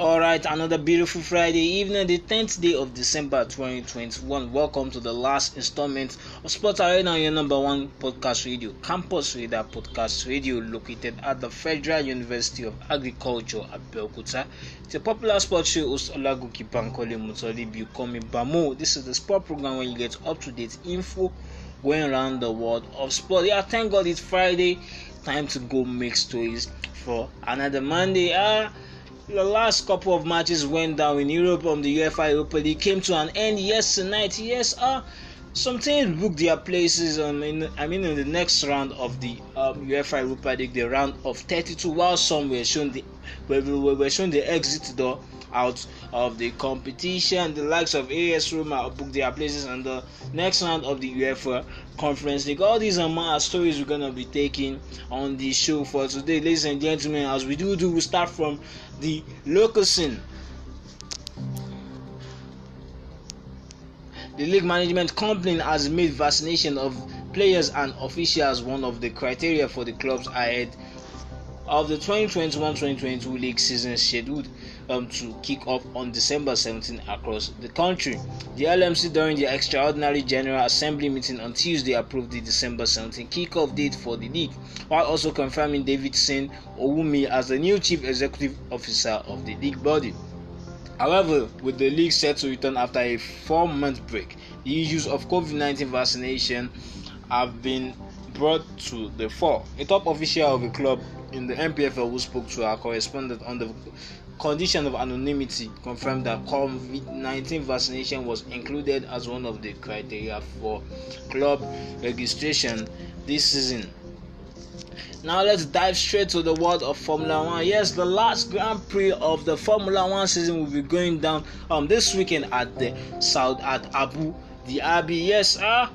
All right, another beautiful Friday evening, the 10th day of December 2021. Welcome to the last installment of Sports Arena, your number one podcast radio, Campus Radar Podcast Radio, located at the Federal University of Agriculture at Belkuta. It's a popular sports show host Olaguki Bankole Mutoli Bukomi Bamo. This is the sport program where you get up to date info going around the world of sport. Yeah, thank God it's Friday. Time to go make stories for another Monday. Ah, uh, the last couple of matches went down in Europe on um, the UEFA Europa League came to an end yesterday night. Yes, uh, some teams booked their places um, in, I mean in the next round of the um, UEFA Europa League, the round of 32, while some were shown the were, were shown the exit door out of the competition. The likes of AS Roma booked their places in the next round of the UEFA conference league all these are um, uh, stories we're gonna be taking on the show for today ladies and gentlemen as we do do we start from the local scene the league management company has made vaccination of players and officials one of the criteria for the club's ahead of the 2021-2022 league season scheduled um, to kick off on December 17 across the country. The LMC, during the extraordinary General Assembly meeting on Tuesday, approved the December 17 kickoff date for the league, while also confirming David Sen Owumi as the new Chief Executive Officer of the league body. However, with the league set to return after a four month break, the issues of COVID 19 vaccination have been brought to the fore. A top official of the club in the MPFL who spoke to our correspondent on the condition of anonymity confirmed that COVID 19 vaccination was included as one of the criteria for club registration this season. Now let's dive straight to the world of Formula One. Yes, the last Grand Prix of the Formula One season will be going down um this weekend at the South at Abu the Dhabi. Yes, ah, uh,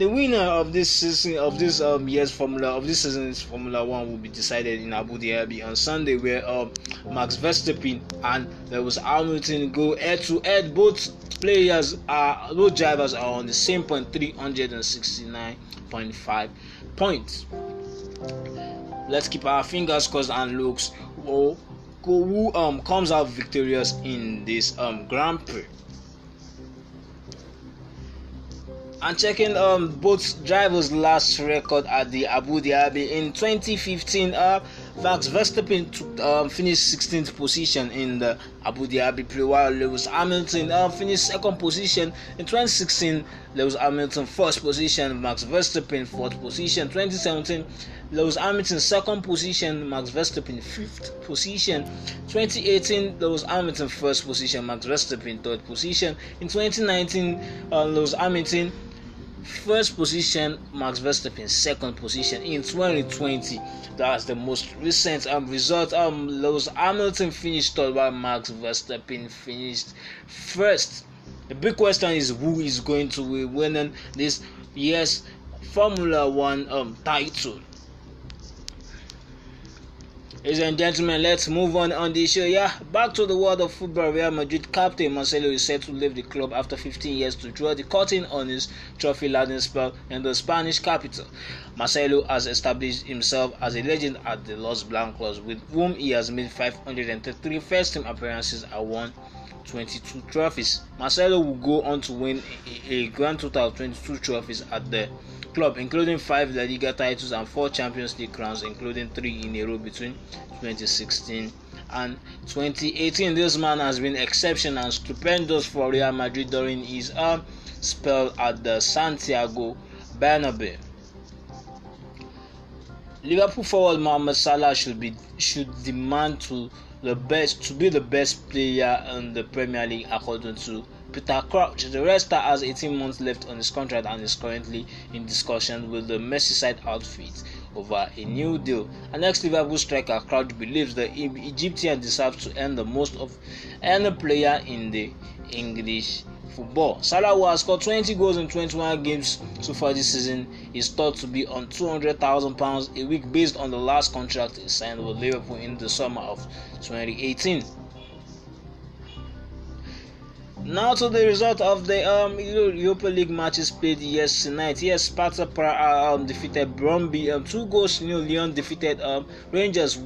the winner of this season of this um, year's Formula of this season's Formula One will be decided in Abu Dhabi on Sunday, where um, Max Verstappen and Lewis Hamilton go head to head. Both players are both drivers are on the same point, 369.5 points. Let's keep our fingers crossed and looks who, who um comes out victorious in this um Grand Prix. and checking um, both drivers' last record at the Abu Dhabi in 2015, uh, Max Verstappen took, um, finished 16th position in the Abu Dhabi pre while Lewis Hamilton uh, finished second position in 2016. Lewis Hamilton first position, Max Verstappen fourth position. 2017, Lewis Hamilton second position, Max Verstappen fifth position. 2018, Lewis Hamilton first position, Max Verstappen third position. In 2019, uh, Lewis Hamilton first position, Max Verstappen second position in 2020. That's the most recent um, result. Um, Lewis Hamilton finished third while Max Verstappen finished first. The big question is who is going to be winning this year's Formula One um title. Ladies and gentlemen, let's move on on the show. Yeah, back to the world of football. Real Madrid captain Marcelo is set to leave the club after 15 years to draw the curtain on his trophy laden spell in the Spanish capital. Marcelo has established himself as a legend at the Los Blancos, with whom he has made 533 first team appearances and won 22 trophies. Marcelo will go on to win a grand total of 22 trophies at the club, including five La Liga titles and four Champions League crowns, including three in a row between 2016 and 2018. This man has been exceptional and stupendous for Real Madrid during his uh, spell at the Santiago Bernabeu. Liverpool forward Mohamed Salah should be should demand to the best to be the best player in the Premier League according to Peter Crouch. The Red Star has 18 months left on his contract and is currently in discussion with the Merseyside outfit over a new deal. An ex-Liverpool striker, Crouch believes the Egyptian deserves to earn the most of any player in the English football. Salah, who has scored 20 goals in 21 games so far this season, is thought to be on 200,000 pounds a week based on the last contract he signed with Liverpool in the summer of 2018. Now to the result of the um, Europa League matches played yesterday night. Yes, Sparta Praha uh, um, defeated Bromby um, two goals new. Lyon defeated um, Rangers.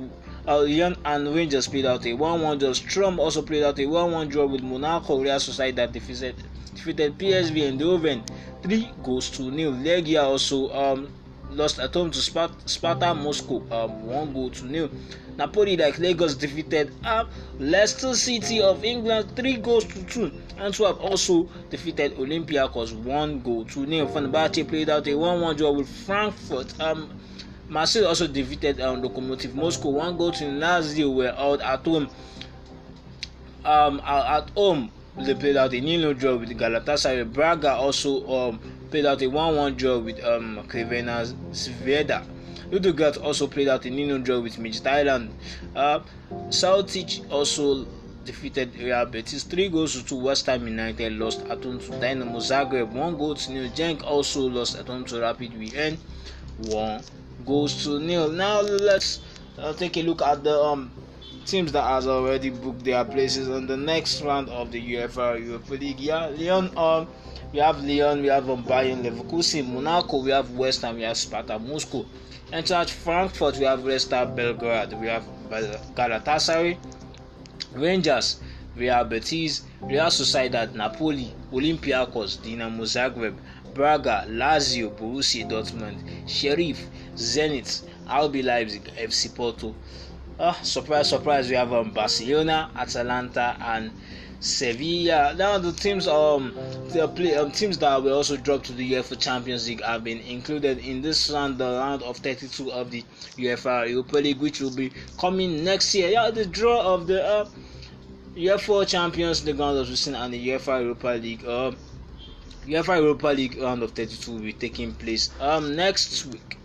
Uh, Lyon and Rangers played out a 1-1 draw. Strom also played out a 1-1 draw with Monaco Real Society that defeated defeated PSV and Eindhoven three goals to nil. Legia also um, lost at home to Sparta, Moscow, um, one goal to nil. Napoli, like Lagos, defeated um, Leicester City of England, three goals to two. Antwerp also defeated Olympiacos, one goal to nil. Fenerbahce played out a 1-1 draw with Frankfurt. Um, Marseille also defeated um, Lokomotiv Moscow, one goal to nil. Lazio were out at home. Um, at home they played out a nil draw with Galatasaray. Braga also um, played out a 1-1 draw with um, Crevena Sveda. Ludogorets also played out a nil draw with Mid Thailand. Uh, Celtic also defeated Real Betis Three goals to two. West Ham United lost at home to Dynamo Zagreb One goal to nil. Genk also lost at home to Rapid Wien One goal to nil. Now let's uh, take a look at the um, teams that has already booked their places on the next round of the UEFA Europa League. Yeah, Lyon Um, We have Lyon, we have Bayern Leverkusen, Monaco, we have West Ham, we have Sparta Moscow. And at Frankfurt, we have Leicester Belgrade, we have Galatasaray, Rangers, Real Betis, Real Sociedad, Napoli, Olympiacos, Dinamo Zagreb, Braga, Lazio, Borussia Dortmund, Sheriff, Zenit, RB Leipzig, FC Porto. Oh, surprise, surprise, we have um, Barcelona, Atalanta, and Sevilla. Now the teams um the play um, teams that were also dropped to the UEFA Champions League have been included in this round, the round of 32 of the UEFA Europa League, which will be coming next year. Yeah, the draw of the uh, UEFA Champions League round of 16 and the UEFA Europa League. Uh, UEFA Europa League round of 32 will be taking place um next week.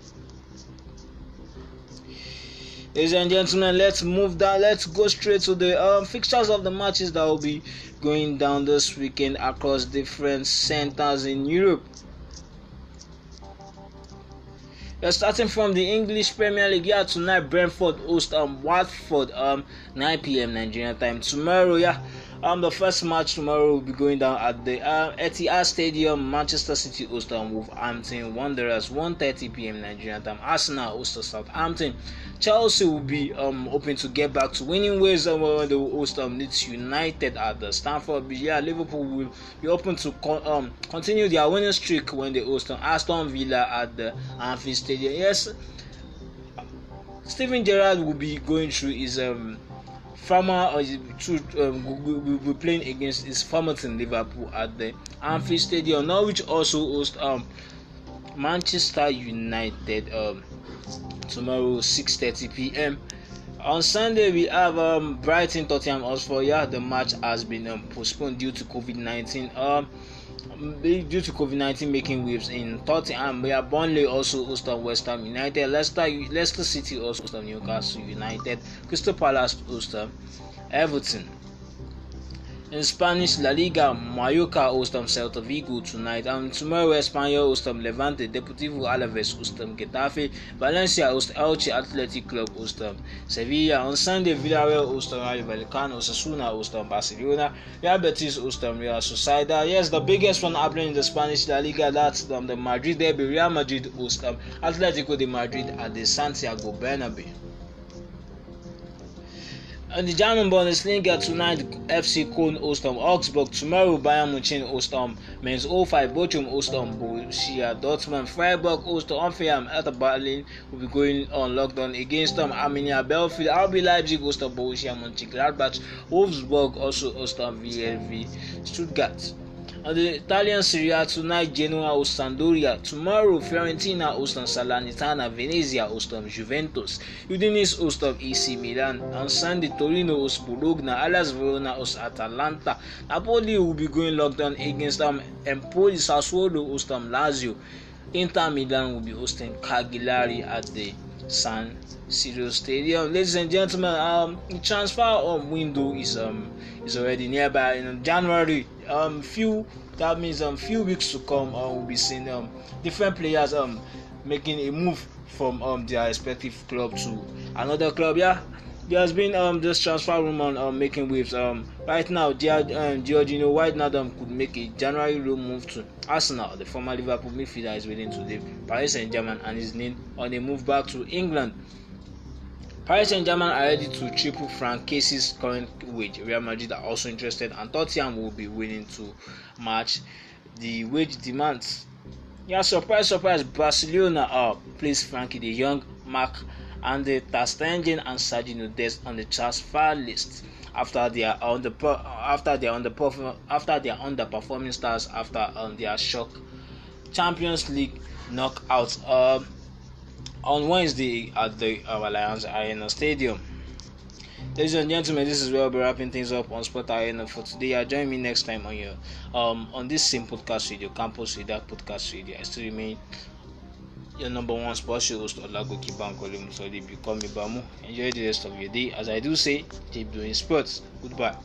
Ladies and gentlemen, let's move down. Let's go straight to the um, fixtures of the matches that will be going down this weekend across different centers in Europe. We're starting from the English Premier League yeah, tonight. Brentford host um, Watford um 9 p.m. Nigeria time tomorrow. Yeah um, the first match tomorrow will be going down at the uh, Etihad Stadium, Manchester City host Wolverhampton Wanderers, 1:30 p.m. Nigerian time. Arsenal host Southampton. Chelsea will be um hoping to get back to winning ways, and um, uh, they will host um, Leeds United at the Stamford Bridge. Yeah, Liverpool will be open to con- um continue their winning streak when they host um, Aston Villa at the Anfield Stadium. Yes, Steven Gerrard will be going through his um Farmer uh, is through, um, will be playing against his is team Liverpool at the Anfield mm. Stadium. Norwich also host um, Manchester United um, tomorrow 6:30 p.m. On Sunday we have um, Brighton Tottenham Hotspur. Yeah, the match has been um, postponed due to COVID-19. Um, due to COVID 19 making waves in Tottenham, we are Burnley also host of West Ham United, Leicester, Leicester City also host of Newcastle United, Crystal Palace host of Everton. In Spanish La Liga, Mallorca host on Celta Vigo tonight, and tomorrow Espanyol host on Levante, Deportivo Alaves host on Getafe, Valencia host Elche Athletic Club host on Sevilla, on Sunday Villarreal host on Rayo Vallecano, Osasuna host on Barcelona, Real Betis host on Real Sociedad. Yes, the biggest one happening in the Spanish La Liga, that's um, the Madrid derby, Real Madrid host on Atletico de Madrid at the Santiago Bernabeu. And the German Bundesliga tonight, FC Köln host um, Augsburg. Tomorrow, Bayern Munich host um, Mainz 05, Bochum host um, Borussia Dortmund. Freiburg host Hoffenheim. Hertha Berlin will be going on lockdown against them. Um, Arminia Belfield. RB Leipzig host um, Borussia Mönchengladbach. Wolfsburg also host um, VLV Stuttgart. On the Italian Serie A tonight, Genoa host Sampdoria. Tomorrow, Fiorentina host Salernitana. Venezia host Juventus. Udinese host AC Milan. On Sunday, Torino host Bologna. Alas Verona host Atalanta. Napoli will be going lockdown against um, Empoli. Sassuolo host um, Lazio. Inter Milan will be hosting Cagliari at the San Siro Stadium. Ladies and gentlemen, um, the transfer um, window is um is already nearby in January. Um, few that means um few weeks to come, uh, we'll be seeing um different players um making a move from um their respective club to another club. Yeah, there has been um this transfer rumor um, making waves. Um, right now, Giorgino um, White Nadam could make a January move to Arsenal. The former Liverpool midfielder is willing to leave Paris Saint-Germain and his name on a move back to England. Paris Saint-Germain are ready to triple Frank Casey's current wage. Real Madrid are also interested, and Tottenham will be willing to match the wage demands. Yeah, surprise, surprise! Barcelona uh, plays Frankie the Young, Mark and the Tastengen and Sajinudes on the transfer list after they are on the after they are on the after they are underperforming stars after on um, their shock Champions League knockout um, on Wednesday at the uh, Alliance Arena Stadium. Ladies and gentlemen, this is where I'll be wrapping things up on Sport Arena for today. Uh, join me next time on your um on this same podcast video, Campus Radio Podcast Video. I still remain Your number one sports host, Olagoki Bankole Musoli, become Ibamu. Enjoy the rest of your day. As I do say, keep doing sports. Goodbye.